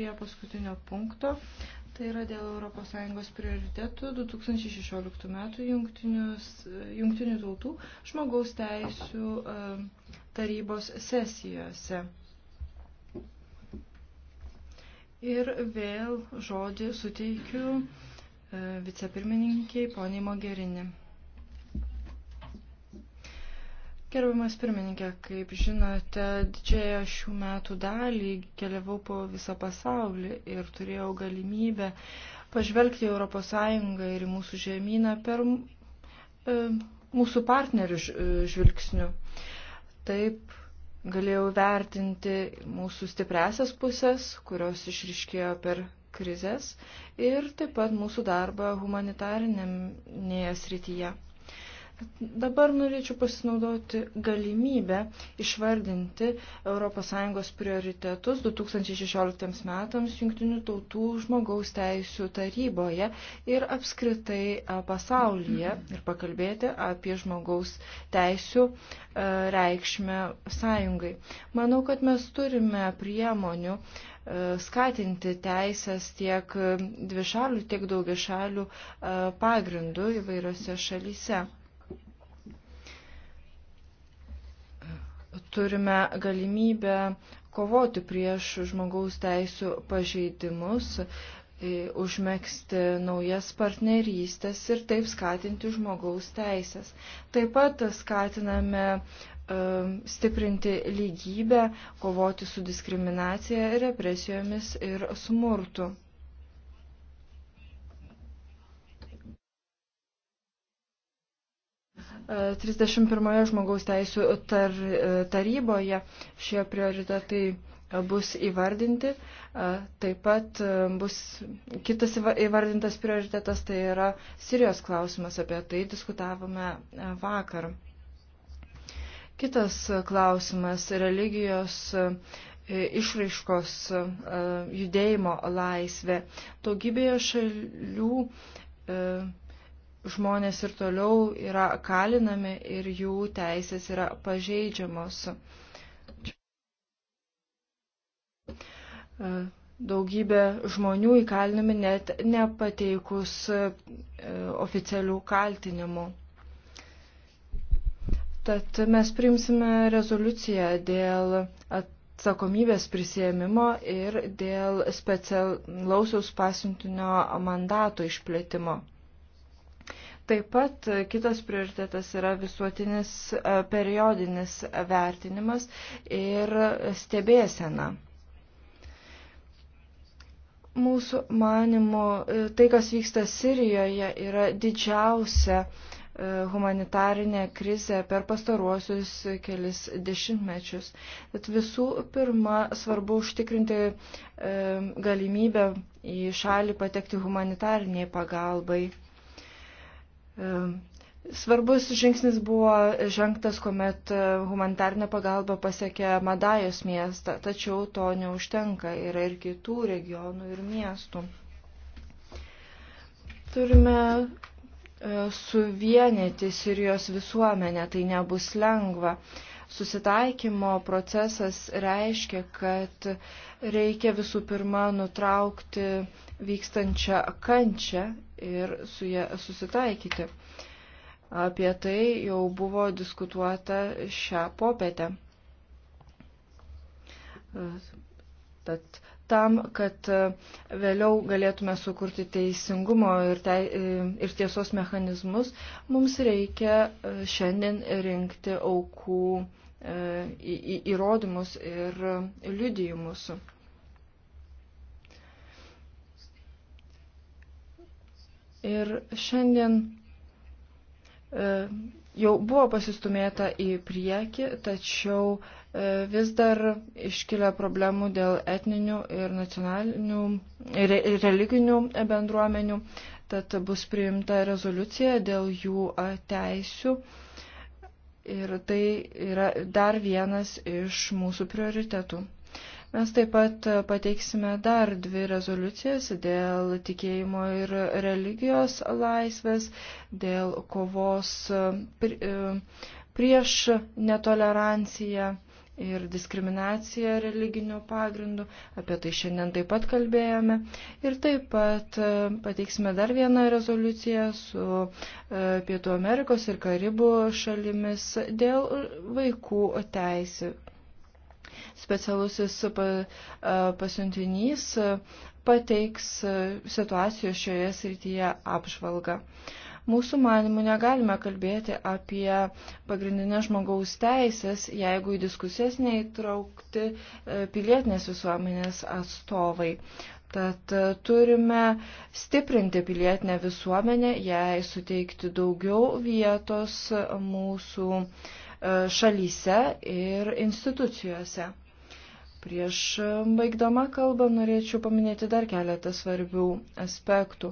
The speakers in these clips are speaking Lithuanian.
prie paskutinio punkto. Tai yra dėl ES prioritetų 2016 metų jungtinių tautų žmogaus teisų e, tarybos sesijose. Ir vėl žodį suteikiu e, vicepirmininkiai poniai Mogerini. Gerbiamas pirmininkė, kaip žinote, didžiąją šių metų dalį keliavau po visą pasaulį ir turėjau galimybę pažvelgti į ES ir į mūsų žemyną per e, mūsų partnerių e, žvilgsnių. Taip galėjau vertinti mūsų stipresias pusės, kurios išriškėjo per krizės ir taip pat mūsų darbą humanitarinėje srityje. Dabar norėčiau pasinaudoti galimybę išvardinti ES prioritetus 2016 metams Junktinių tautų žmogaus teisų taryboje ir apskritai pasaulyje ir pakalbėti apie žmogaus teisų reikšmę sąjungai. Manau, kad mes turime priemonių skatinti teisės tiek dvišalių, tiek daugišalių pagrindų įvairiose šalyse. turime galimybę kovoti prieš žmogaus teisų pažeidimus, e, užmėgsti naujas partnerystės ir taip skatinti žmogaus teisės. Taip pat skatiname e, stiprinti lygybę, kovoti su diskriminacija, represijomis ir smurtu. 31 žmogaus teisų tar, taryboje šie prioritetai bus įvardinti. Taip pat bus kitas įvardintas prioritetas, tai yra Sirijos klausimas, apie tai diskutavome vakar. Kitas klausimas - religijos išraiškos judėjimo laisvė. Daugybėje šalių žmonės ir toliau yra kalinami ir jų teisės yra pažeidžiamos. E, daugybė žmonių įkalinami net nepateikus e, oficialių kaltinimų. Tad mes priimsime rezoliuciją dėl atsakomybės prisėmimo ir dėl specialausiaus pasiuntinio mandato išplėtimo. Taip pat kitas prioritetas yra visuotinis e, periodinis vertinimas ir stebėsena. Mūsų manimo, e, tai, kas vyksta Sirijoje, yra didžiausia e, humanitarinė krizė per pastaruosius kelis dešimtmečius. Bet visų pirma, svarbu užtikrinti galimybę į šalį patekti humanitariniai pagalbai. E, svarbus žingsnis buvo žengtas, kuomet humanitarinė pagalba pasiekė Madajos miestą, tačiau to neužtenka, yra ir kitų regionų ir miestų. Turime e, suvienyti Sirijos visuomenę, tai nebus lengva. Susitaikymo procesas reiškia, kad reikia visų pirma nutraukti vykstančią kančią ir su ją susitaikyti. Apie tai jau buvo diskutuota šią popietę. Tad tam, kad e, vėliau galėtume sukurti teisingumo ir, te, e, ir tiesos mechanizmus, mums reikia e, šiandien rinkti aukų į, į, įrodymus ir liudijimus. Ir šiandien jau buvo pasistumėta į priekį, tačiau e, E, vis dar iškilia problemų dėl etninių ir nacionalinių ir religinių bendruomenių, tad bus priimta rezoliucija dėl jų teisių. Ir tai yra dar vienas iš mūsų prioritetų. Mes taip pat pateiksime dar dvi rezoliucijas dėl tikėjimo ir religijos laisvės, dėl kovos e, prieš netoleranciją ir diskriminacija religinių pagrindų. Apie tai šiandien taip pat kalbėjome. Ir taip pat e, pateiksime dar vieną rezoliuciją su e, Pietų Amerikos ir Karibų šalimis dėl vaikų teisų. Specialusis e, pasiuntinys pateiks situacijos šioje srityje apžvalgą. Mūsų manimų negalime kalbėti apie pagrindinės žmogaus teisės, jeigu į diskusijas neįtraukti e, pilietinės visuomenės atstovai. Tad e, turime stiprinti pilietinę visuomenę, jai suteikti daugiau vietos mūsų e, šalyse ir institucijose. Prieš baigdama kalbą norėčiau paminėti dar keletą svarbių aspektų.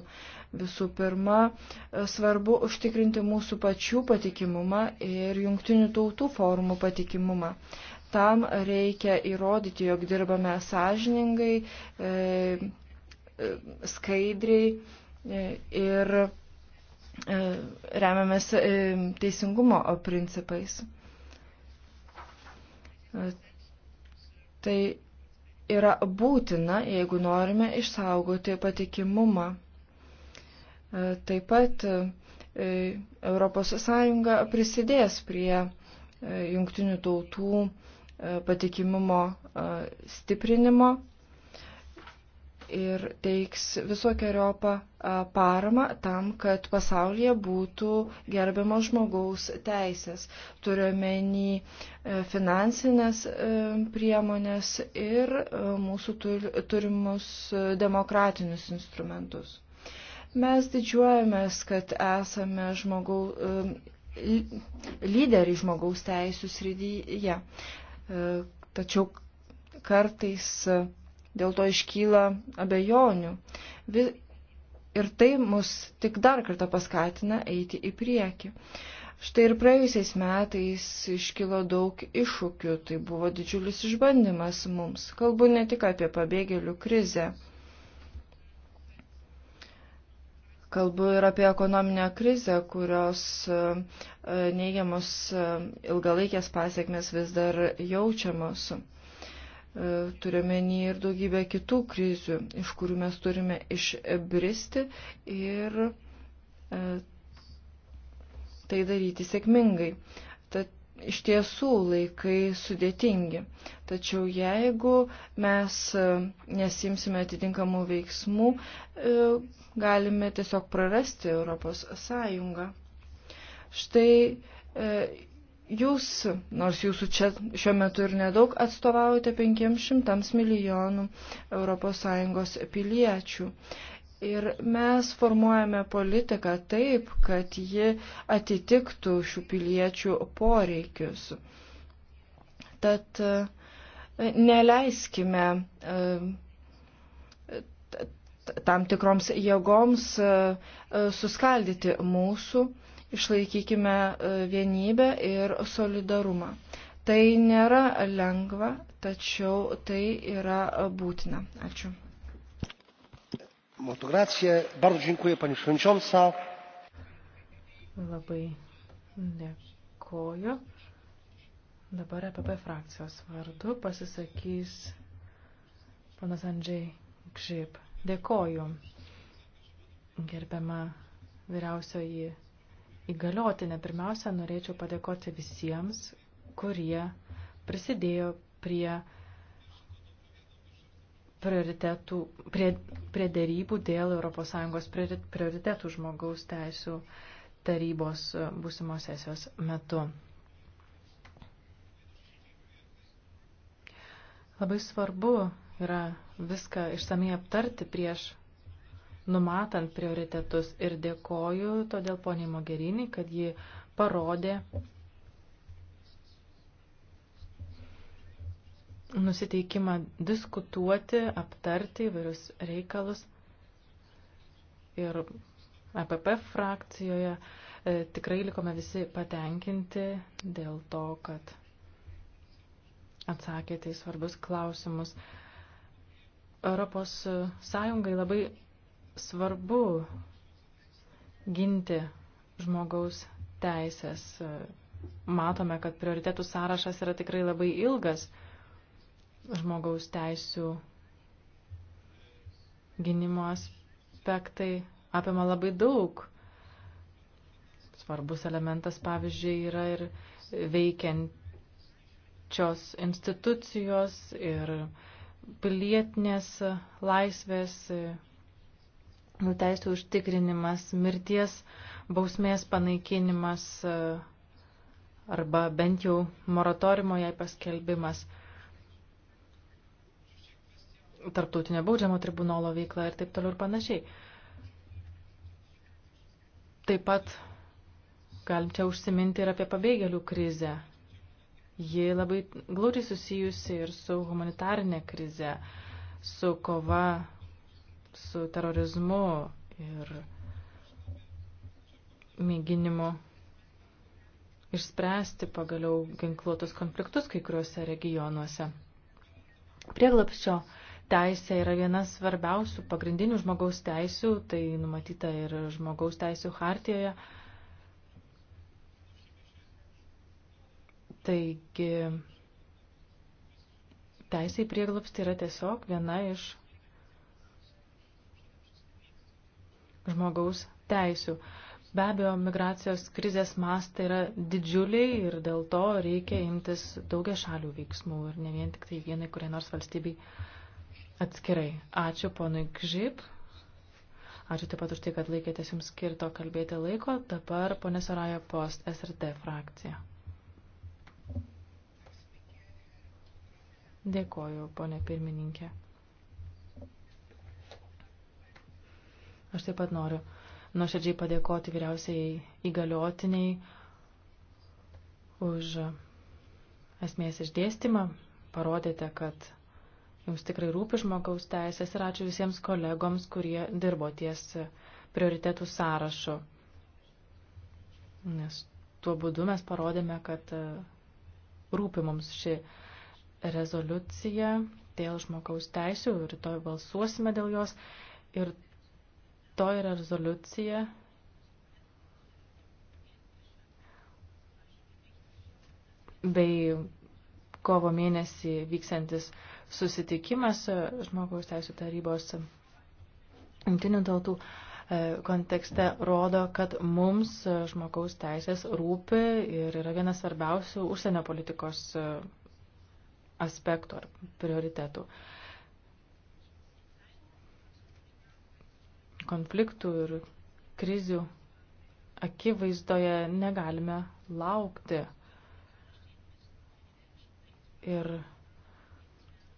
Visų pirma, e, svarbu užtikrinti mūsų pačių patikimumą ir jungtinių tautų formų patikimumą. Tam reikia įrodyti, jog dirbame sąžiningai, e, e, skaidriai ir remiamės teisingumo principais. Tai yra būtina, jeigu norime išsaugoti patikimumą. Taip pat ES prisidės prie e, jungtinių tautų e, patikimumo e, stiprinimo ir teiks visokiojopą paramą tam, kad pasaulyje būtų gerbiamas žmogaus teisės, turiuomenį finansinės priemonės ir mūsų turimus demokratinius instrumentus. Mes didžiuojamės, kad esame žmogau, um, lyderiai žmogaus teisų srityje. Uh, tačiau kartais uh, dėl to iškyla abejonių. Ir tai mus tik dar kartą paskatina eiti į priekį. Štai ir praėjusiais metais iškilo daug iššūkių, tai buvo didžiulis išbandymas mums. Kalbu ne tik apie pabėgėlių krizę. Kalbu ir apie ekonominę krizę, kurios e, e, neigiamus e, ilgalaikės pasiekmes vis dar jaučiamos. Turiuomenį ir daugybę kitų krizių, iš kurių mes turime išbristi ir tai daryti sėkmingai iš tiesų laikai sudėtingi. Tačiau jeigu mes e, nesimsime atitinkamų veiksmų, e, galime tiesiog prarasti Europos Sąjungą. Štai e, jūs, nors jūsų čia šiuo metu ir nedaug, atstovaujate 500 milijonų Europos Sąjungos piliečių. Ir mes formuojame politiką taip, kad ji atitiktų šių piliečių poreikius. Tad e, neleiskime e, tam tikroms jėgoms e, suskaldyti mūsų, išlaikykime vienybę ir solidarumą. Tai nėra lengva, tačiau tai yra būtina. Ačiū. Bardzo dziękuję pani przewodnicząca. Labai dėkoju. Dabar EPP frakcijos vardu pasisakys panas Andžiai Gžip. Dėkoju, gerbiama vyriausioji įgaliotinė. Pirmiausia, norėčiau padėkoti visiems, kurie prisidėjo prie prioritetų, prie, prie dėrybų dėl ES prioritetų žmogaus teisų tarybos e, būsimos sesijos metu. Labai svarbu yra viską išsamei aptarti prieš numatant prioritetus ir dėkoju todėl poniai Mogerinį, kad ji parodė nusiteikimą diskutuoti, aptarti įvairius reikalus. Ir APP frakcijoje e, tikrai likome visi patenkinti dėl to, kad atsakėte į svarbius klausimus. Europos Sąjungai labai svarbu ginti žmogaus teisės. Matome, kad prioritetų sąrašas yra tikrai labai ilgas žmogaus teisų gynimo aspektai apima labai daug. Svarbus elementas, pavyzdžiui, yra ir veikiančios institucijos ir pilietinės laisvės, teisų užtikrinimas, mirties bausmės panaikinimas arba bent jau moratorimo jai paskelbimas – tarptautinio baudžiamo tribunolo veiklą ir taip toliau ir panašiai. Taip pat galim čia užsiminti ir apie pabėgėlių krizę. Ji labai glaudžiai susijusi ir su humanitarinė krize, su kova, su terorizmu ir mėginimu išspręsti pagaliau ginkluotus konfliktus kai kuriuose regionuose. Prieglapščio uh, teisė yra viena svarbiausių pagrindinių žmogaus teisių, tai numatyta ir žmogaus teisių hartijoje. Taigi, teisė į prieglobstį yra tiesiog viena iš žmogaus teisių. Be abejo, migracijos krizės mastai yra didžiuliai ir dėl to reikia imtis daugia šalių veiksmų ir ne vien tik tai vienai kuriai nors valstybei atskirai. Ačiū ponui Gžip. Ačiū taip pat už tai, kad laikėtės jums skirto kalbėti laiko. Dabar ponė Soraja Post, SRD frakcija. Dėkoju, ponė pirmininkė. Aš taip pat noriu nuoširdžiai padėkoti vyriausiai įgaliotiniai už esmės išdėstymą. Parodėte, kad Jums tikrai rūpi žmogaus teisės ir ačiū visiems kolegoms, kurie dirbo ties prioritetų sąrašu. Nes tuo būdu mes parodėme, kad e, rūpi mums ši rezoliucija dėl žmogaus teisių, rytoj balsuosime dėl jos ir to yra rezoliucija. bei kovo mėnesį vyksiantis susitikimas e, žmogaus teisų tarybos jungtinių tautų e, kontekste rodo, kad mums e, žmogaus teisės rūpi ir yra vienas svarbiausių užsienio politikos aspektų ar prioritetų. Konfliktų ir krizių akivaizdoje negalime laukti. Ir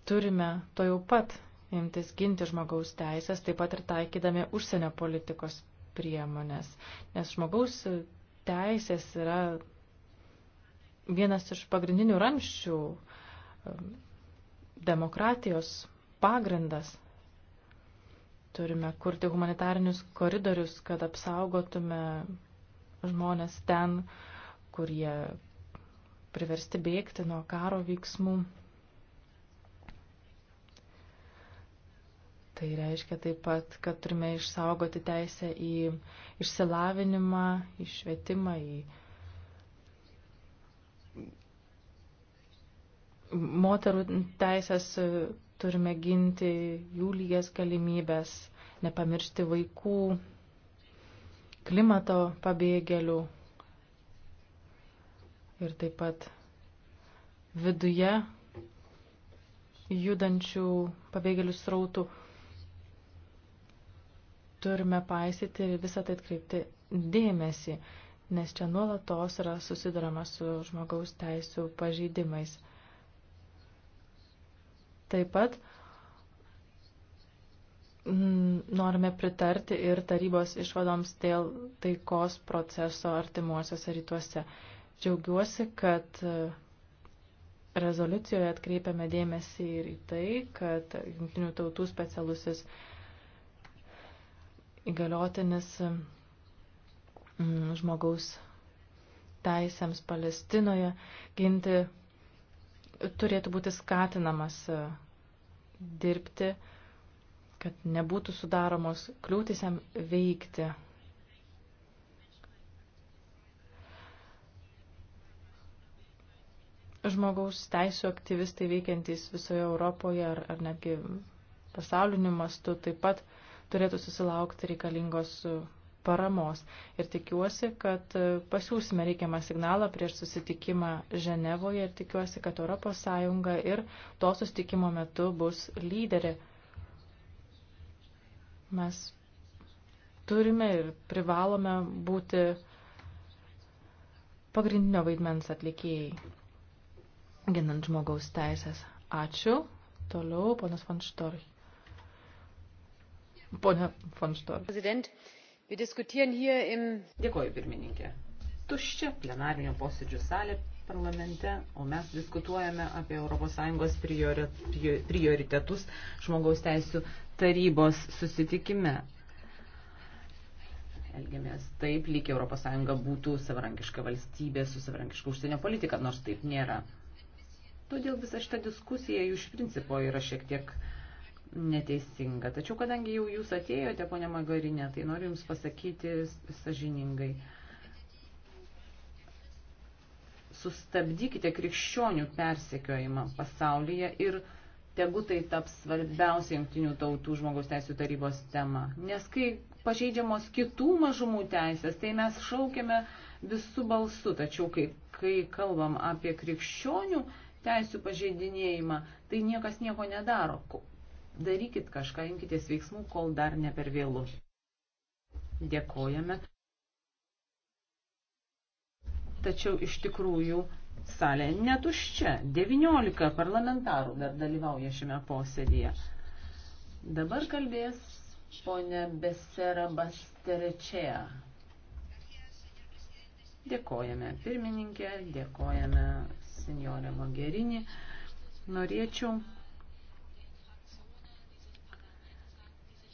turime to jau pat imtis ginti žmogaus teisės, taip pat ir taikydami užsienio politikos priemonės. Nes žmogaus teisės yra vienas iš pagrindinių ramščių um, demokratijos pagrindas. Turime kurti humanitarinius koridorius, kad apsaugotume žmonės ten, kurie priversti bėgti nuo karo veiksmų. Tai reiškia taip pat, kad turime išsaugoti teisę į išsilavinimą, į švietimą, į moterų teisės turime ginti jų lygias galimybės, nepamiršti vaikų, klimato pabėgėlių ir taip pat viduje judančių pabėgėlių srautų turime paisyti ir visą tai atkreipti dėmesį, nes čia nuolatos yra susidurama su žmogaus teisų pažeidimais. Taip pat mm, norime pritarti ir tarybos išvadoms dėl taikos proceso artimuosiuose rytuose. Džiaugiuosi, kad e, rezoliucijoje atkreipiame dėmesį ir į tai, kad jungtinių tautų specialusis uh, įgaliotinis mm, žmogaus teisėms Palestinoje ginti turėtų būti skatinamas dirbti, kad nebūtų sudaromos kliūtis jam veikti. Žmogaus teisų aktyvistai veikiantys visoje Europoje ar, ar netgi pasauliniu mastu taip pat uh, turėtų susilaukti reikalingos paramos. Ir tikiuosi, kad e, pasiūsime reikiamą signalą prieš susitikimą Ženevoje ir tikiuosi, kad ES ir to susitikimo metu bus lyderė. Mes turime ir privalome būti pagrindinio vaidmens atlikėjai, ginant žmogaus teisės. Ačiū. Toliau, ponas Van Štorich. Pone von Storm. Dėkoju, pirmininkė. Tuščia plenarinio posėdžio salė parlamente, o mes diskutuojame apie ES priori, prioritetus žmogaus teisų tarybos susitikime. Elgiamės taip, lyg ES būtų savarankiška valstybė su savarankiška užsienio politika, nors taip nėra. Todėl visa šita diskusija iš principo yra šiek tiek uh, neteisinga. Tačiau kadangi jau jūs atėjote, ponia Magarinė, tai noriu Jums pasakyti sažiningai. Sustabdykite krikščionių persekiojimą pasaulyje ir tegu tai taps svarbiausia jungtinių tautų žmogaus teisų tarybos tema. Nes kai pažeidžiamos kitų mažumų teisės, tai mes šaukiame visų balsų. Tačiau kai, kai kalbam apie krikščionių teisų pažeidinėjimą, tai niekas nieko nedaro darykit kažką, imkitės veiksmų, kol dar ne per vėlų. Dėkojame. Tačiau iš tikrųjų salė netuščia. 19 parlamentarų dar dalyvauja šiame posėdėje. Dabar kalbės ponė Besera Basterečea. Dėkojame pirmininkė, dėkojame senjorė Mogerinį. Norėčiau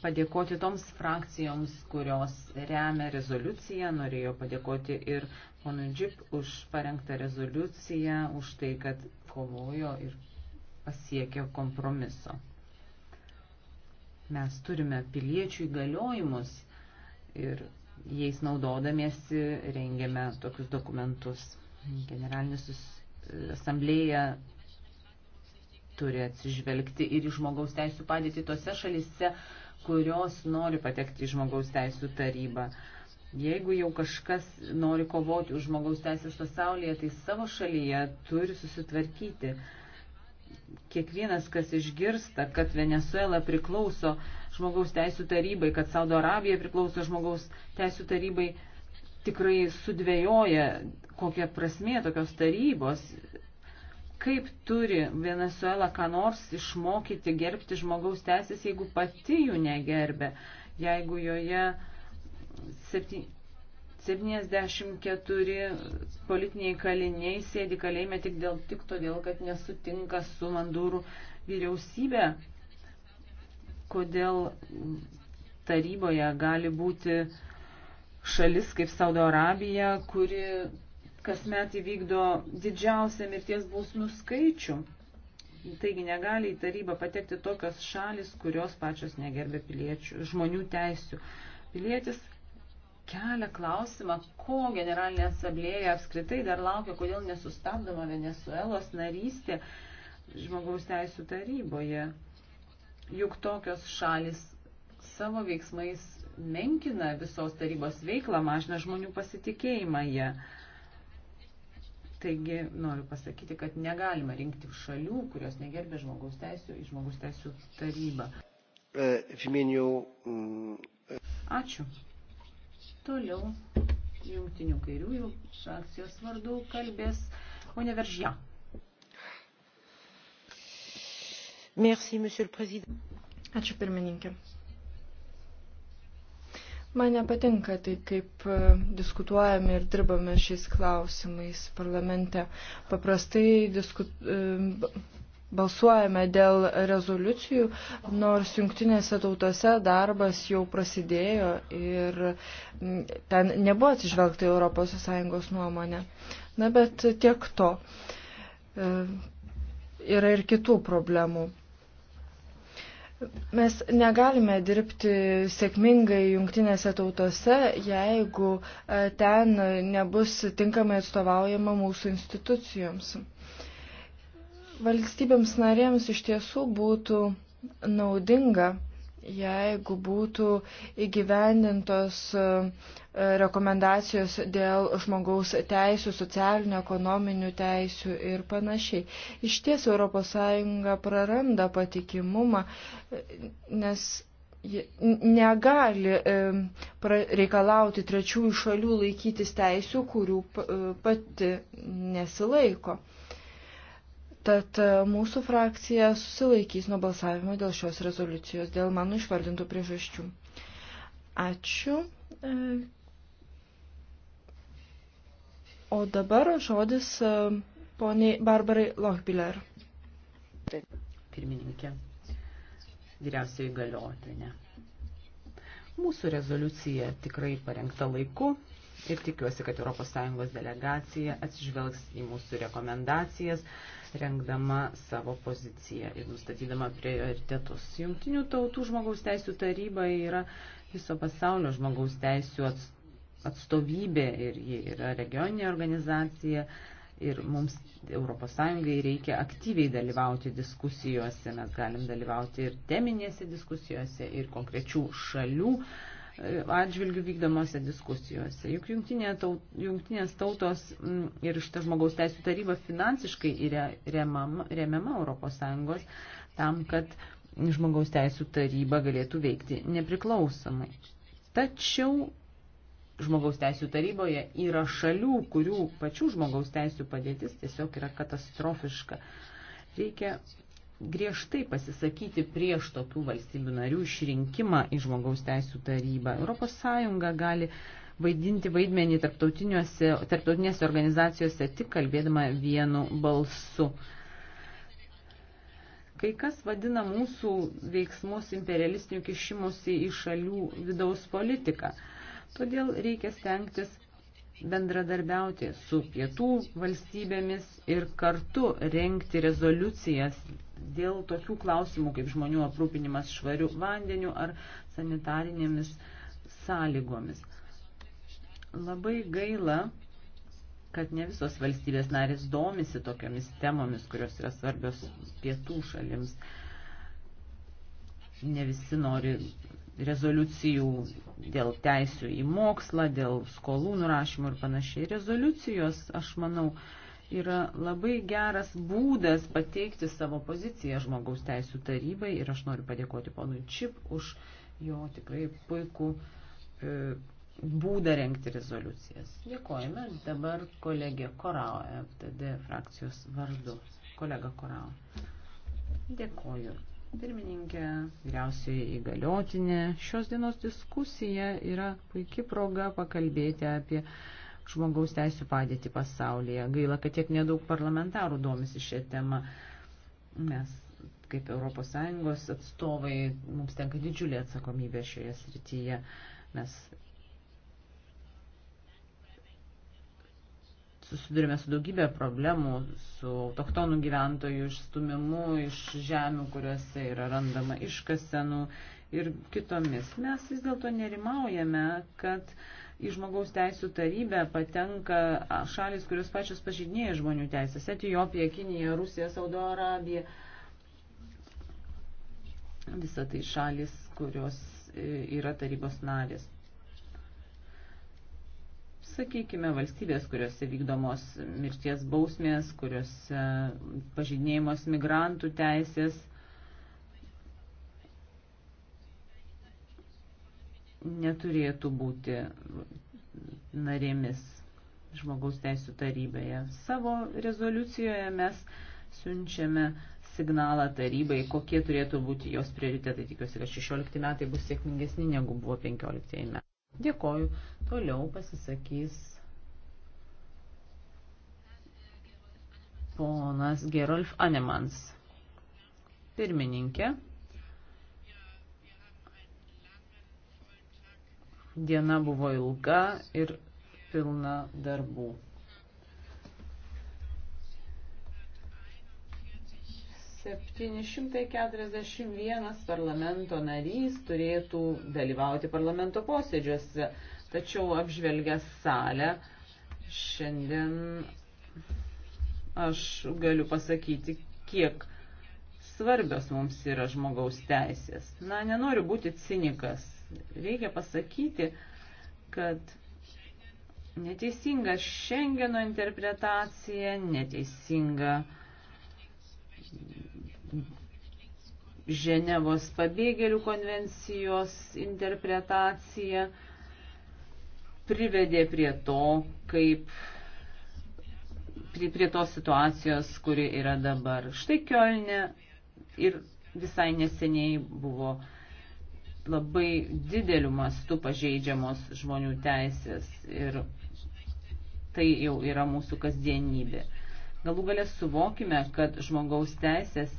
padėkoti toms frakcijoms, kurios remia rezoliuciją. Norėjau padėkoti ir ponui Džip už parengtą rezoliuciją, už tai, kad kovojo ir pasiekė kompromiso. Mes turime piliečių įgaliojimus ir jais naudodamiesi rengiame tokius dokumentus. Generalinis asamblėja turi atsižvelgti ir į žmogaus teisų padėtį tose šalise, kurios nori patekti į žmogaus teisų tarybą. Jeigu jau kažkas nori kovoti už žmogaus teisės pasaulyje, tai savo šalyje turi susitvarkyti. Kiekvienas, kas išgirsta, kad Venezuela priklauso žmogaus teisų tarybai, kad Saudo Arabija priklauso žmogaus teisų tarybai, tikrai sudvėjoja, kokia prasmė tokios tarybos Kaip turi Venezuela ką nors išmokyti gerbti žmogaus teisės, jeigu pati jų negerbė, jeigu joje 7, 74 politiniai kaliniai sėdi kalėjime tik, dėl, tik todėl, kad nesutinka su Mandūrų vyriausybė. Kodėl taryboje gali būti šalis kaip Saudo Arabija, kuri kasmet įvykdo didžiausią mirties bausmių skaičių. Taigi negali į tarybą patekti tokios šalis, kurios pačios negerbė piliečių, žmonių teisių. Pilietis kelia klausimą, ko generalinė asamblėja apskritai dar laukia, kodėl nesustabdoma Venezuelos narystė žmogaus teisų taryboje. Juk tokios šalis savo veiksmais menkina visos tarybos veiklą, mažina žmonių pasitikėjimą ją. Ja Taigi noriu pasakyti, kad negalima rinkti šalių, kurios negerbė žmogaus teisų į žmogaus teisų tarybą. E, mm, e. Ačiū. Toliau jungtinių kairiųjų frakcijos vardu kalbės Univeržia. Merci, Ačiū pirmininkė. Man nepatinka tai, kaip e, diskutuojame ir dirbame šiais klausimais parlamente. Paprastai diskut, e, balsuojame dėl rezoliucijų, nors jungtinėse tautose darbas jau prasidėjo ir ten nebuvo atsižvelgta ES nuomonė. Na bet tiek to. E, yra ir kitų problemų. Mes negalime dirbti sėkmingai jungtinėse tautose, jeigu e, ten nebus tinkamai atstovaujama mūsų institucijoms. Valstybėms narėms iš tiesų būtų naudinga, jeigu būtų įgyvendintos e, rekomendacijos dėl žmogaus teisų, socialinių, ekonominių teisų ir panašiai. Iš ties ES praranda patikimumą, nes negali reikalauti trečiųjų šalių laikytis teisų, kurių e, pati nesilaiko. Tad e, mūsų frakcija susilaikys nuo balsavimo dėl šios rezoliucijos, dėl mano išvardintų priežasčių. Ačiū e, O dabar žodis e, poniai Barbarai Lochbiller. Pirmininkė, vyriausiai galiotinė. Mūsų rezoliucija tikrai parengta laiku ir tikiuosi, kad ES delegacija atsižvelgs į mūsų rekomendacijas, rengdama savo poziciją ir nustatydama prioritetus. Jungtinių tautų žmogaus teisų taryba yra viso pasaulio žmogaus teisų atstovų atstovybė ir ji yra regioninė organizacija ir mums ES reikia aktyviai dalyvauti diskusijose. Mes galim dalyvauti ir teminėse diskusijose, ir konkrečių šalių e, atžvilgių vykdomose diskusijose. Juk jungtinė taut, jungtinės tautos ir šita žmogaus teisų taryba finansiškai yra remama, remiama ES tam, kad žmogaus teisų taryba galėtų veikti nepriklausomai. Tačiau žmogaus teisų taryboje yra šalių, kurių pačių žmogaus teisų padėtis tiesiog yra katastrofiška. Reikia griežtai pasisakyti prieš tokių valstybių narių išrinkimą į žmogaus teisų tarybą. Europos Sąjunga gali vaidinti vaidmenį tarptautinėse organizacijose tik kalbėdama vienu balsu. Kai kas vadina mūsų veiksmus imperialistinių kišimusi į šalių vidaus politiką. Todėl reikia stengtis bendradarbiauti su pietų valstybėmis ir kartu renkti rezoliucijas dėl tokių klausimų kaip žmonių aprūpinimas švariu vandeniu ar sanitarinėmis sąlygomis. Labai gaila, kad ne visos valstybės narės domisi tokiomis temomis, kurios yra svarbios pietų šalims. Ne visi nori rezoliucijų dėl teisų į mokslą, dėl skolų nurašymų ir panašiai. Rezoliucijos, aš manau, yra labai geras būdas pateikti savo poziciją žmogaus teisų tarybai ir aš noriu padėkoti ponui Čip už jo tikrai puikų e, būdą renkti rezoliucijas. Dėkojame dabar kolegė Korao, FTD frakcijos vardu. Kolega Korao. Dėkoju. Pirmininkė, vyriausioji įgaliotinė, šios dienos diskusija yra puikia proga pakalbėti apie žmogaus teisų padėtį pasaulyje. Gaila, kad tiek nedaug parlamentarų domisi šią temą. Mes, kaip ES atstovai, mums tenka didžiulė atsakomybė šioje srityje. Mes susidurime su daugybė problemų, su autoktonų gyventojų išstumimu iš žemių, kuriuose yra randama iškasenų ir kitomis. Mes vis dėlto nerimaujame, kad į žmogaus teisų tarybę patenka šalis, kurios pačios pažydinėja žmonių teisės - Etijopija, Kinija, Rusija, Saudo Arabija. Visą tai šalis, kurios e, yra tarybos narės. Sakykime, valstybės, kuriuose vykdomos mirties bausmės, kuriuose pažinėjimos migrantų teisės. neturėtų būti narėmis žmogaus teisų taryboje. Savo rezoliucijoje mes siunčiame signalą tarybai, kokie turėtų būti jos prioritetai. Tikiuosi, kad 16 metai bus sėkmingesni negu buvo 15 metai. Dėkoju. Toliau pasisakys ponas Gerolf Anemans. Pirmininkė. Diena buvo ilga ir pilna darbų. 741 parlamento narys turėtų dalyvauti parlamento posėdžiuose, tačiau apžvelgęs salę šiandien aš galiu pasakyti, kiek svarbios mums yra žmogaus teisės. Na, nenoriu būti cinikas. Reikia pasakyti, kad neteisinga Šengeno interpretacija, neteisinga Ženevos pabėgėlių konvencijos interpretacija privedė prie to, kaip prie, prie tos situacijos, kuri yra dabar. Štai Kielne ir visai neseniai buvo labai dideliu mastu pažeidžiamos žmonių teisės ir tai jau yra mūsų kasdienybė. Galų galę suvokime, kad žmogaus teisės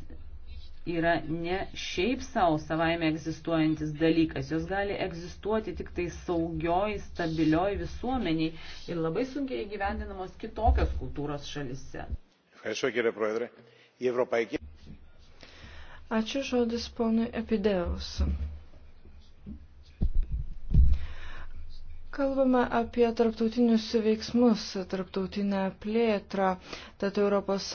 yra ne šiaip savo savaime egzistuojantis dalykas, jos gali egzistuoti tik tai saugioj, stabilioj visuomeniai ir labai sunkiai įgyvendinamos kitokios kultūros šalise. Ačiū žodis ponui Epideus. Kalbame apie tarptautinius veiksmus, tarptautinę plėtrą, tad ES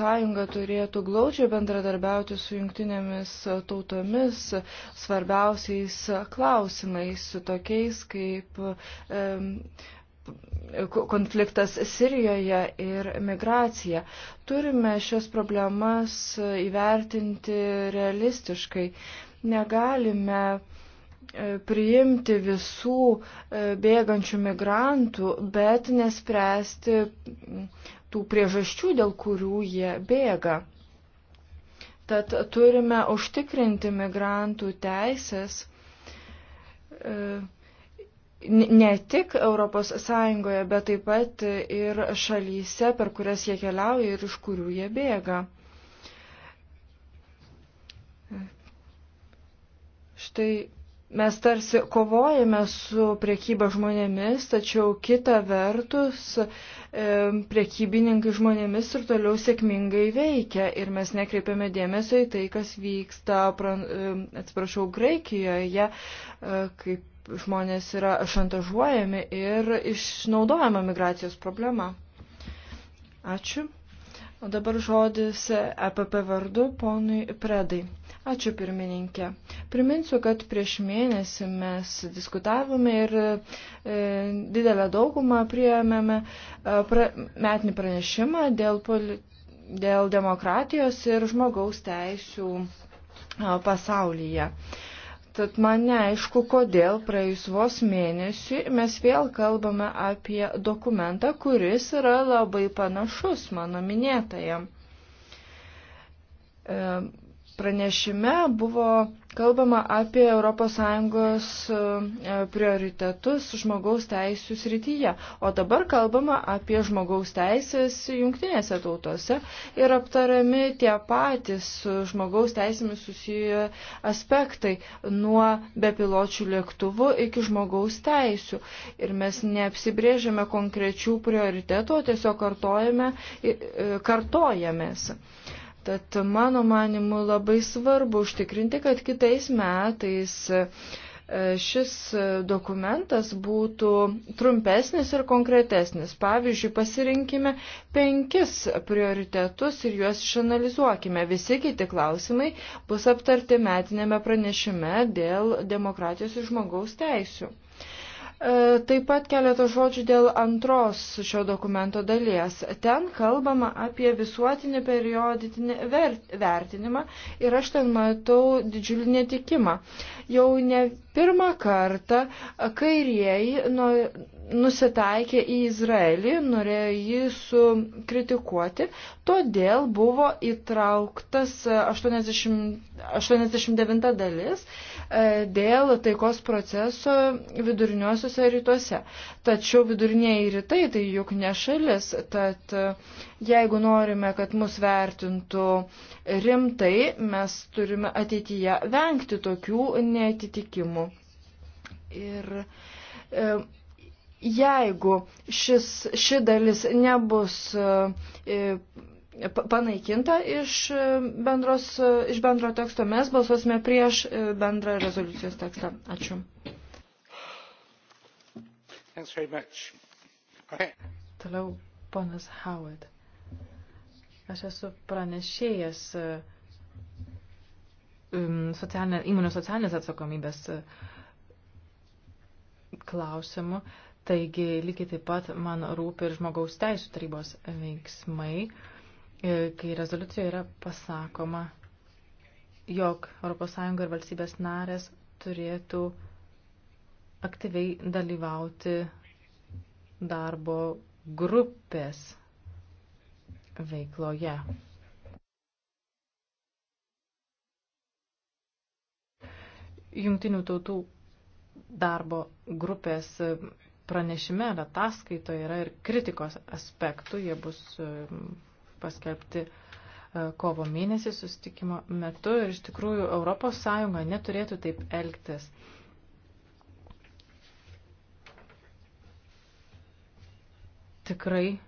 turėtų glaudžiai bendradarbiauti su jungtinėmis tautomis svarbiausiais klausimais, tokiais kaip e, konfliktas Sirijoje ir migracija. Turime šias problemas įvertinti realistiškai. Negalime E, priimti visų e, bėgančių migrantų, bet nespręsti tų priežasčių, dėl kurių jie bėga. Tad turime užtikrinti migrantų teisės e, ne tik ES, bet taip pat ir šalyse, per kurias jie keliauja ir iš kurių jie bėga. Štai mes tarsi kovojame su priekyba žmonėmis, tačiau kita vertus e, priekybininkai žmonėmis ir toliau sėkmingai veikia ir mes nekreipiame dėmesio į tai, kas vyksta, pran, e, atsiprašau, Graikijoje, e, kaip žmonės yra šantažuojami ir išnaudojama migracijos problema. Ačiū. O dabar žodis EPP vardu ponui Predai. Ačiū pirmininkė. Priminsiu, kad prieš mėnesį mes diskutavome ir e, didelę daugumą priėmėme e, pra, metinį pranešimą dėl, poli, dėl demokratijos ir žmogaus teisų e, pasaulyje. Tad man neaišku, kodėl praėjus vos mėnesiui mes vėl kalbame apie dokumentą, kuris yra labai panašus mano minėtajam. E, pranešime buvo kalbama apie ES e, prioritetus žmogaus teisų srityje, o dabar kalbama apie žmogaus teisės jungtinėse tautose ir aptarami tie patys žmogaus teisėmis susiję aspektai nuo bepiločių lėktuvų iki žmogaus teisų. Ir mes neapsibrėžiame konkrečių prioritetų, o tiesiog kartojame, e, kartojamės. Tad mano manimu labai svarbu užtikrinti, kad kitais metais e, šis dokumentas būtų trumpesnis ir konkretesnis. Pavyzdžiui, pasirinkime penkis prioritetus ir juos išanalizuokime. Visi kiti klausimai bus aptarti metinėme pranešime dėl demokratijos ir žmogaus teisų. E, taip pat keletą žodžių dėl antros šio dokumento dalies. Ten kalbama apie visuotinį periodinį vertinimą ir aš ten matau didžiulį netikimą. Jau ne pirmą kartą kairieji nu, nusitaikė į Izraelį, norėjo jį sukritikuoti, todėl buvo įtrauktas 80, 89 dalis e, dėl taikos proceso viduriniuosiuose rytuose. Tačiau viduriniai rytai tai juk ne šalis, tad Jeigu norime, kad mus vertintų rimtai, mes turime ateityje vengti tokių netitikimų. Ir e, jeigu šis, ši dalis nebus e, e panaikinta iš, e, bendros, e, iš bendro teksto, mes balsuosime prieš bendrą rezoliucijos tekstą. Ačiū. Toliau ponas Howard. Aš esu pranešėjęs um, socialinė, įmonių socialinės atsakomybės uh, klausimų. Taigi lygiai taip pat man rūpi ir žmogaus teisų tarybos veiksmai, kai rezoliucijoje yra pasakoma, jog ES ir valstybės narės turėtų aktyviai dalyvauti darbo grupės veikloje. Jungtinių tautų darbo grupės pranešime ir ataskaitoje yra ir kritikos aspektų, jie bus um, paskelbti uh, kovo mėnesį sustikimo metu ir iš tikrųjų Europos Sąjunga neturėtų taip elgtis. Tikrai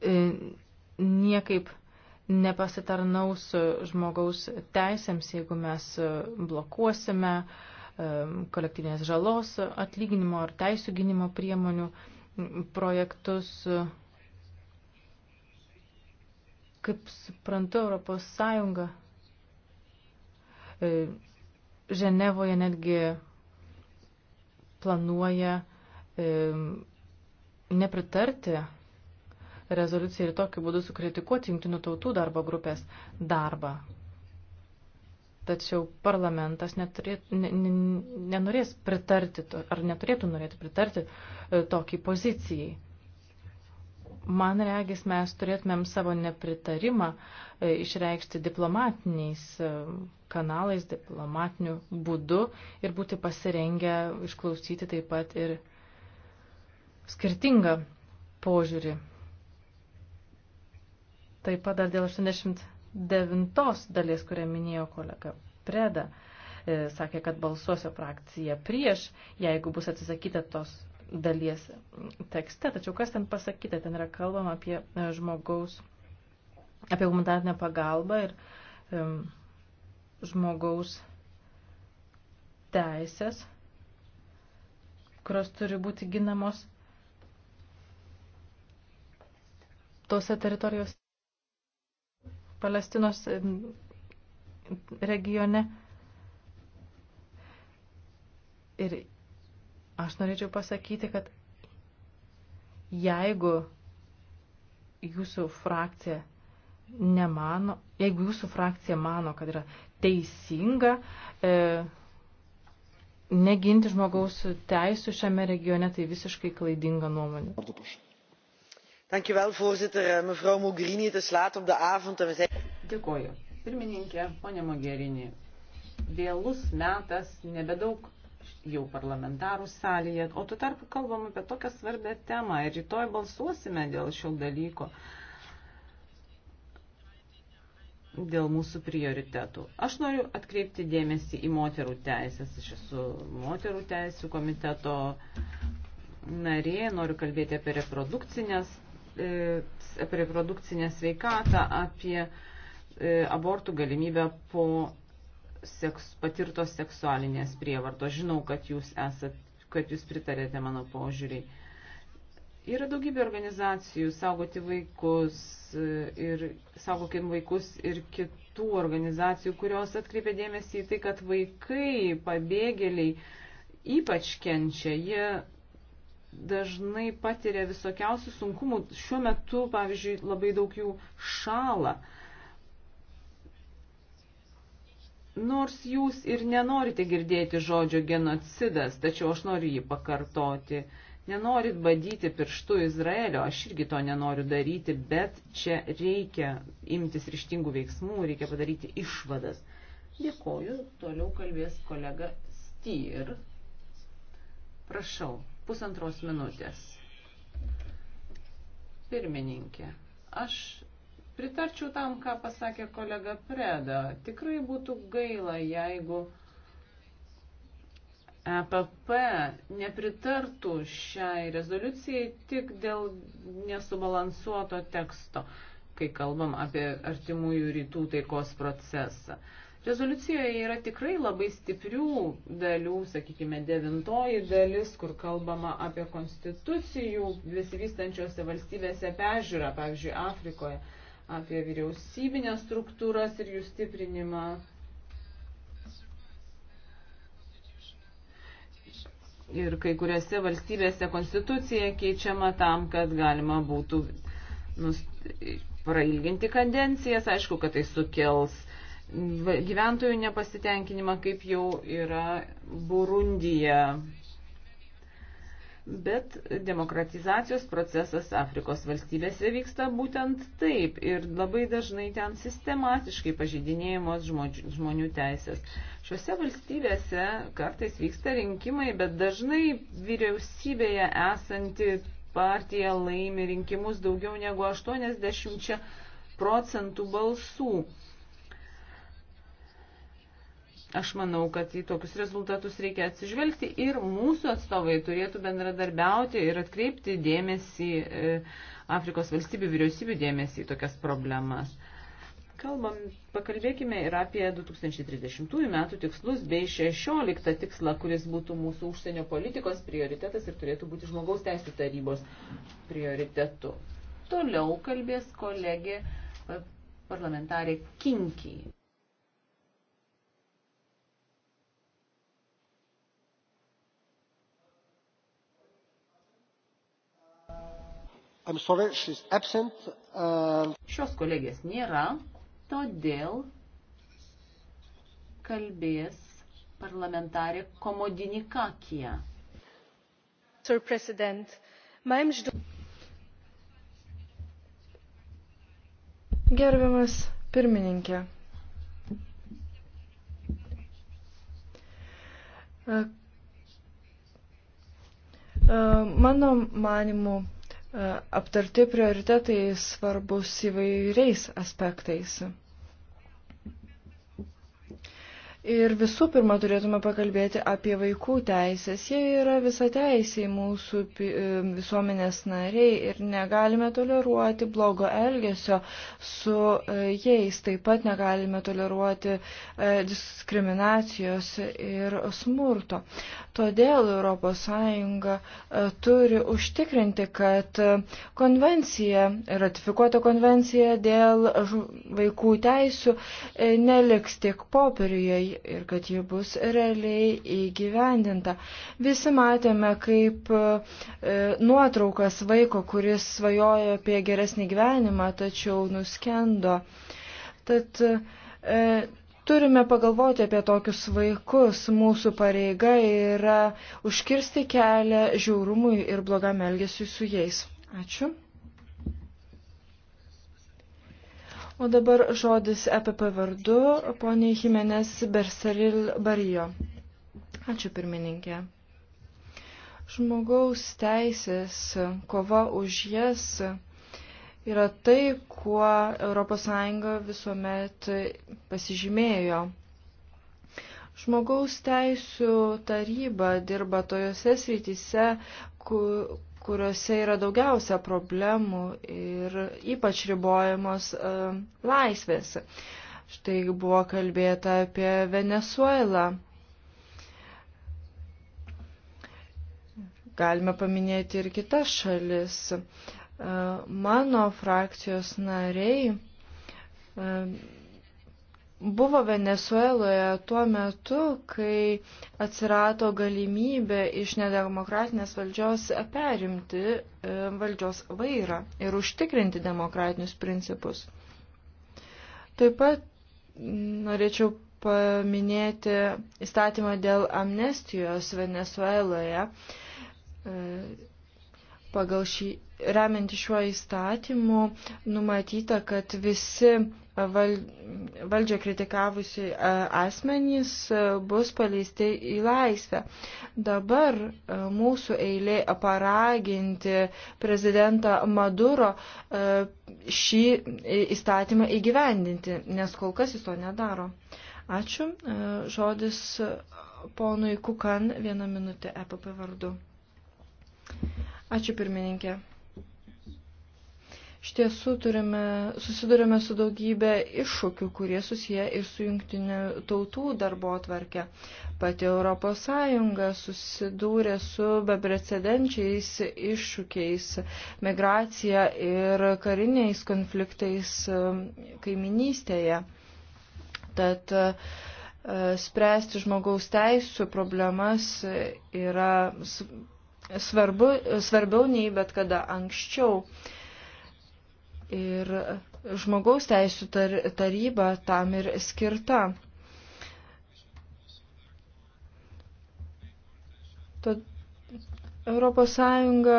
E, niekaip nepasitarnaus žmogaus teisėms, jeigu mes blokuosime e, kolektyvinės žalos atlyginimo ar teisų gynimo priemonių projektus. Kaip suprantu, Europos Sąjunga e, Ženevoje netgi planuoja nepritarti rezoliuciją ir tokiu būdu sukritikuoti jungtinių tautų darbo grupės darbą. Tačiau parlamentas neturėt, ne, ne, nenorės pritarti, to, ar neturėtų norėti pritarti e, tokiai pozicijai. Man regis, mes turėtumėm savo nepritarimą e, išreikšti diplomatiniais e, kanalais, diplomatiniu būdu ir būti pasirengę išklausyti taip pat ir skirtingą požiūrį Taip pat dar dėl 89 dalies, kurią minėjo kolega Preda, e, sakė, kad balsuosio frakcija prieš, jeigu bus atsisakyta tos dalies tekste. Tačiau kas ten pasakyta? Ten yra kalbama apie e, žmogaus, apie humanitarinę pagalbą ir um, žmogaus teisės, kurios turi būti ginamos tose teritorijose. Palestinos regione. Ir aš norėčiau pasakyti, kad jeigu jūsų frakcija nemano, jeigu jūsų frakcija mano, kad yra teisinga e, neginti žmogaus teisų šiame regione, tai visiškai klaidinga nuomonė voorzitter eh, mevrouw mogherini het is laat op de avond en we zijn. dėkoju pirmininke pone mogherini vėlus metas nebedaug jau parlamentarų salėje o tuo tarpu kalbam apie tokią svarbią temą ir rytoj balsuosime dėl šio dalyko dėl mūsų prioritetų. Aš noriu atkreipti dėmesį į moterų teisės. Aš esu moterų teisų komiteto narė, noriu kalbėti apie reprodukcinės E, apie reprodukcinę sveikatą, apie e, abortų galimybę po seks, patirtos seksualinės prievartos. Žinau, kad jūs, esat, kad jūs pritarėte mano požiūriai. Yra daugybė organizacijų, saugoti vaikus e, ir saugokim vaikus ir kitų organizacijų, kurios atkreipia dėmesį į tai, kad vaikai, pabėgėliai ypač kenčia. Jie dažnai patiria visokiausių sunkumų. Šiuo metu, pavyzdžiui, labai daug jų šala. Nors jūs ir nenorite girdėti žodžio genocidas, tačiau aš noriu jį pakartoti. Nenorit badyti pirštų Izraelio, aš irgi to nenoriu daryti, bet čia reikia imtis ryštingų veiksmų, reikia padaryti išvadas. Dėkoju, toliau kalbės kolega Styr. Prašau pusantros minutės. Pirmininkė, aš pritarčiau tam, ką pasakė kolega Preda. Tikrai būtų gaila, jeigu EPP nepritartų šiai rezoliucijai tik dėl nesubalansuoto teksto, kai kalbam apie artimųjų rytų taikos procesą. Uh, Rezoliucijoje yra tikrai labai stiprių dalių, sakykime, devintoji dalis, kur kalbama apie konstitucijų besivystančiose valstybėse pežiūrą, pavyzdžiui, Afrikoje, apie vyriausybinės struktūras ir jų stiprinimą. Ir kai kuriuose valstybėse konstitucija keičiama tam, kad galima būtų nust... prailginti kadencijas, aišku, kad tai sukels gyventojų nepasitenkinimą, kaip jau yra Burundija. Bet demokratizacijos procesas Afrikos valstybėse vyksta būtent taip ir labai dažnai ten sistematiškai pažydinėjimos žmonių teisės. Šiuose valstybėse kartais vyksta rinkimai, bet dažnai vyriausybėje esanti partija laimi rinkimus daugiau negu 80 procentų balsų. Aš manau, kad į tokius rezultatus reikia atsižvelgti ir mūsų atstovai turėtų bendradarbiauti ir atkreipti dėmesį e, Afrikos valstybių vyriausybių dėmesį į tokias problemas. Kalbam, pakalbėkime ir apie 2030 metų tikslus bei 16 tikslą, kuris būtų mūsų užsienio politikos prioritetas ir turėtų būti žmogaus teisų tarybos prioritetu. Toliau kalbės kolegė e, parlamentarė Kinkiai. sorry, absent, uh... Šios kolegės nėra, todėl kalbės parlamentarė Komodinikakija. Sir President, maim ždu. Gerbiamas pirmininkė. Mano manimu, aptarti prioritetai svarbus įvairiais aspektais. Ir visų pirma turėtume pakalbėti apie vaikų teisės. Jie yra visa teisiai mūsų e, visuomenės nariai ir negalime toleruoti blogo elgesio su e, jais. Taip pat negalime toleruoti e, diskriminacijos ir smurto. Todėl ES turi užtikrinti, kad konvencija, ratifikuota konvencija dėl vaikų teisų neliks tik popieriuje ir kad ji bus realiai įgyvendinta. Visi matėme, kaip e, nuotraukas vaiko, kuris svajojo apie geresnį gyvenimą, tačiau nuskendo. Tad e, turime pagalvoti apie tokius vaikus. Mūsų pareiga yra užkirsti kelią žiaurumui ir blogam elgesiu su jais. Ačiū. O dabar žodis EPP vardu, poniai Jimenez Bersaril Barijo. Ačiū pirmininkė. Žmogaus teisės, kova už jas yra tai, kuo ES visuomet pasižymėjo. Žmogaus teisų taryba dirba tojose srityse, kuriuose yra daugiausia problemų ir ypač ribojamos e, laisvės. Štai buvo kalbėta apie Venezuelą. Galime paminėti ir kitas šalis. E, mano frakcijos nariai e, buvo Venezueloje tuo metu, kai atsirado galimybė iš nedemokratinės valdžios perimti e, valdžios vairą ir užtikrinti demokratinius principus. Taip pat norėčiau paminėti įstatymą dėl amnestijos Venezueloje. E, pagal šį remiantį šiuo įstatymu numatyta, kad visi valdžią kritikavusi e, asmenys e, bus paleisti į laisvę. Dabar e, mūsų eilė paraginti prezidentą Maduro šį įstatymą įgyvendinti, nes kol kas jis to nedaro. Ačiū. Žodis ponui Kukan vieną minutę EPP vardu. Ačiū pirmininkė. Iš tiesų turime, susidurime su daugybė iššūkių, kurie susiję ir su jungtinių tautų darbo atvarkė. Pati ES susidūrė su beprecedenčiais iššūkiais, migracija ir kariniais konfliktais um, kaiminystėje. Tad uh, spręsti žmogaus teisų problemas yra svarbu, svarbiau nei bet kada anksčiau. Ir žmogaus teisų tar taryba tam ir skirta. Tad Europos Sąjunga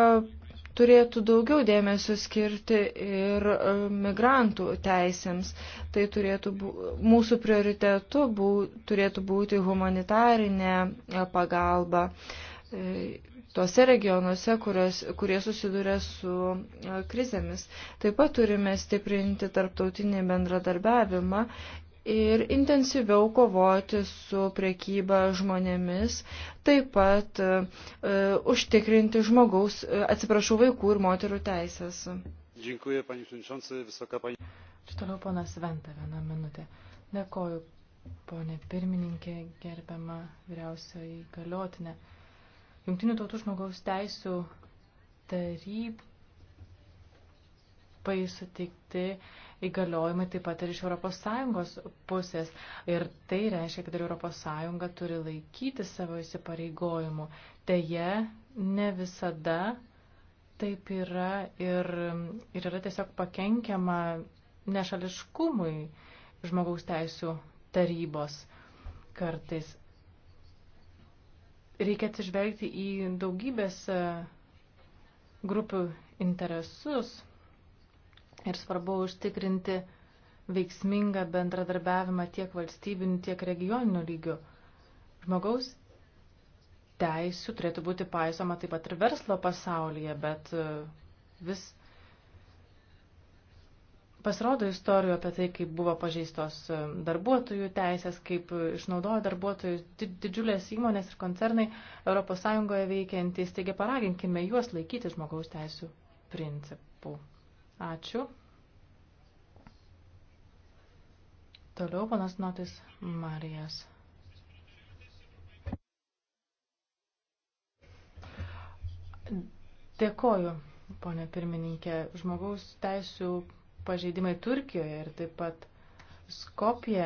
turėtų daugiau dėmesio skirti ir e, migrantų teisėms. Tai turėtų bū, mūsų prioritetu bū, turėtų būti humanitarinė e, pagalba e, tuose regionuose, kurios, kurie susiduria su e, krizėmis. Taip pat turime stiprinti tarptautinį bendradarbiavimą ir intensyviau kovoti su priekyba žmonėmis, taip pat uh, užtikrinti žmogaus, uh, atsiprašau, vaikų ir moterų teisės. Dziękuję, panie przewodniczący, wysoka pani. Čia toliau ponas Venta, vieną minutę. Dėkoju, ponė pirmininkė, gerbiama vyriausioji galiotinė. Uh, Jungtinių tautų žmogaus teisų tarybai suteikti įgaliojimai taip pat ir iš ES pusės. Ir tai reiškia, kad ir ES turi laikyti savo įsipareigojimų. Deja, ne visada taip yra ir, ir yra tiesiog pakenkiama nešališkumui žmogaus teisų tarybos kartais reikia atsižvelgti į daugybės e, grupių interesus ir svarbu užtikrinti veiksmingą bendradarbiavimą tiek valstybiniu, tiek regioniniu lygiu. Žmogaus teisių turėtų būti paisoma taip pat ir verslo pasaulyje, bet e, vis Pasirodo istorijų apie tai, kaip buvo pažeistos um, darbuotojų teisės, kaip uh, išnaudojo darbuotojus didžiulės įmonės ir koncernai ES veikiantys. Taigi paraginkime juos laikyti žmogaus teisų principų. Ačiū. Toliau panas Notis Marijas. Dėkoju, ponė pirmininkė. Žmogaus teisų pažeidimai Turkijoje ir taip pat Skopje,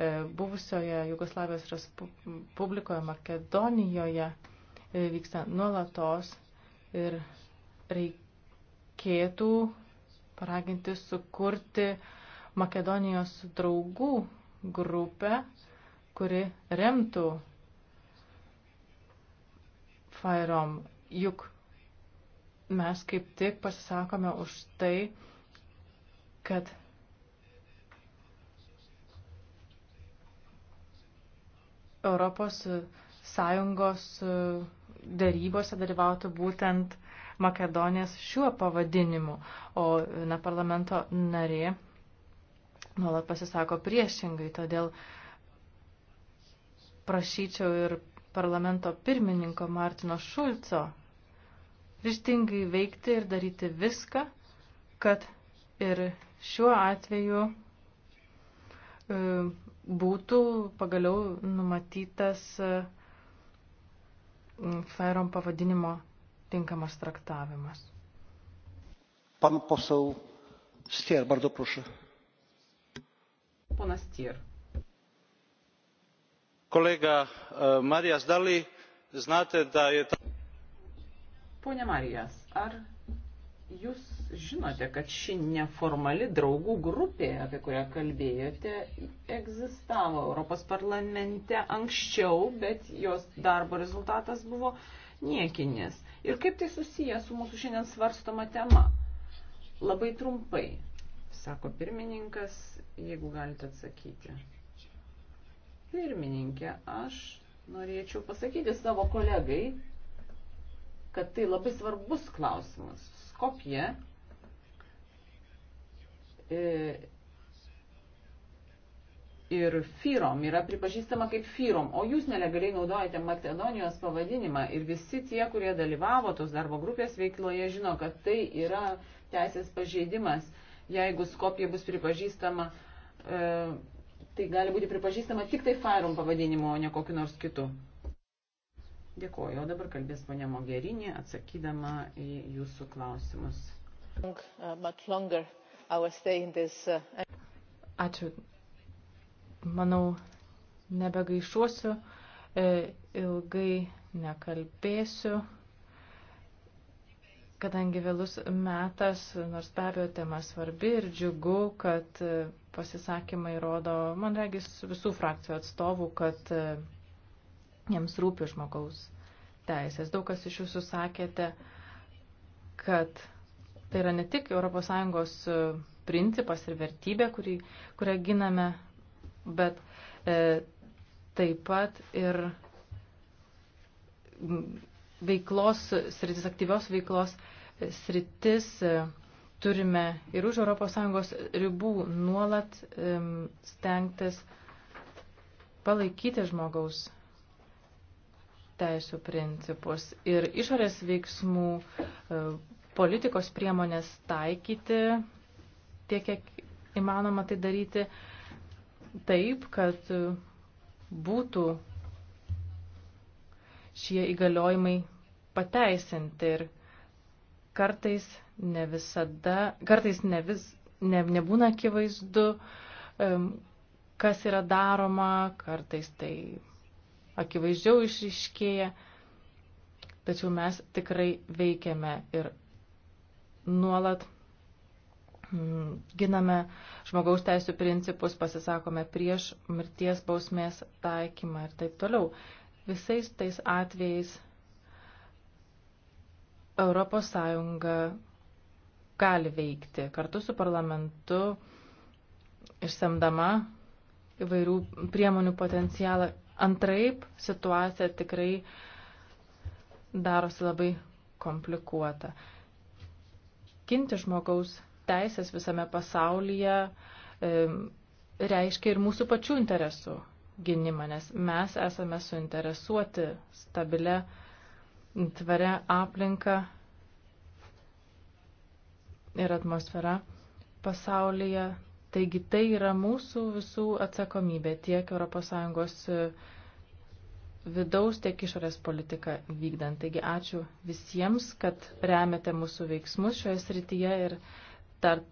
e, buvusioje Jugoslavijos Respublikoje, Makedonijoje e, vyksta nuolatos ir reikėtų paraginti sukurti Makedonijos draugų grupę, kuri remtų Fairom. Juk mes kaip tik pasisakome už tai, kad Europos Sąjungos darybose dalyvautų būtent Makedonijos šiuo pavadinimu, o na, parlamento narė nuolat pasisako priešingai, todėl prašyčiau ir parlamento pirmininko Martino Šulco ryštingai veikti ir daryti viską, kad ir šiuo atveju e, būtų pagaliau numatytas e, ferom pavadinimo tinkamas traktavimas. Pan posau Stier, bardzo proszę. Pana Stier. Kolega e, Marijas, da li znate da je... Pone Marijas, ar jūs žinote, kad ši neformali draugų grupė, apie kurią kalbėjote, egzistavo Europos parlamente anksčiau, bet jos darbo rezultatas buvo niekinis. Ir kaip tai susiję su mūsų šiandien svarstoma tema? Labai trumpai, sako pirmininkas, jeigu galite atsakyti. Pirmininkė, aš norėčiau pasakyti savo kolegai, kad tai labai svarbus klausimas. Skopje E, ir fyrom yra pripažįstama kaip fyrom, o jūs nelegaliai naudojate Makedonijos pavadinimą ir visi tie, kurie dalyvavo tos darbo grupės veikloje, žino, kad tai yra teisės pažeidimas. Jeigu Skopija bus pripažįstama, e, tai gali būti pripažįstama tik tai fyrom pavadinimu, o ne kokiu nors kitu. Dėkuoju, o dabar kalbės ponia Mogerinė, atsakydama į jūsų klausimus. But uh, longer our stay in this. Uh, Ačiū. Manau, nebegaišuosiu, e, ilgai nekalbėsiu, kadangi vėlus metas, nors be abejo tema svarbi ir džiugu, kad e, pasisakymai rodo, man regis, visų frakcijų atstovų, kad e, jiems rūpi žmogaus teisės. Daug kas iš jūsų sakėte, kad Tai yra ne tik ES e, principas ir vertybė, kurį, kurią giname, bet e, taip pat ir veiklos sritis, aktyvios veiklos sritis e, turime ir už ES ribų nuolat e, stengtis palaikyti žmogaus teisų principus ir išorės veiksmų politikos priemonės taikyti tiek, kiek įmanoma tai daryti taip, kad būtų šie įgaliojimai pateisinti ir kartais ne visada, kartais ne vis, ne, nebūna akivaizdu, kas yra daroma, kartais tai akivaizdžiau išriškėja, tačiau mes tikrai veikiame ir nuolat mm, giname žmogaus teisų principus, pasisakome prieš mirties bausmės taikymą ir taip toliau. Visais tais atvejais Europos Sąjunga gali veikti kartu su parlamentu, išsamdama įvairių priemonių potencialą. Antraip situacija tikrai darosi labai komplikuota ginti žmogaus teisės visame pasaulyje e, reiškia ir mūsų pačių interesų gynimą, nes mes esame suinteresuoti stabilę, tvarę aplinką ir atmosferą pasaulyje. Taigi tai yra mūsų visų atsakomybė tiek ES vidaus, tiek išorės politiką vykdant. Taigi ačiū visiems, kad remiate mūsų veiksmus šioje srityje ir dar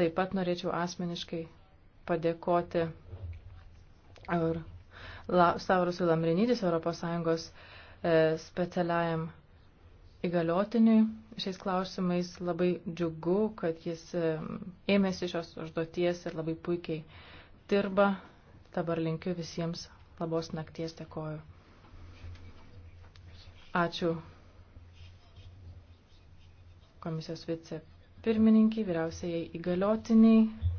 taip pat norėčiau asmeniškai padėkoti ir La, Saurusui Lamrinydis, ES e, specialiajam įgaliotiniui šiais klausimais. Labai džiugu, kad jis e, ėmėsi šios užduoties ir labai puikiai dirba. Dabar linkiu visiems labos nakties dėkoju. Ačiū komisijos vicepirmininkį, vyriausiai įgaliotiniai.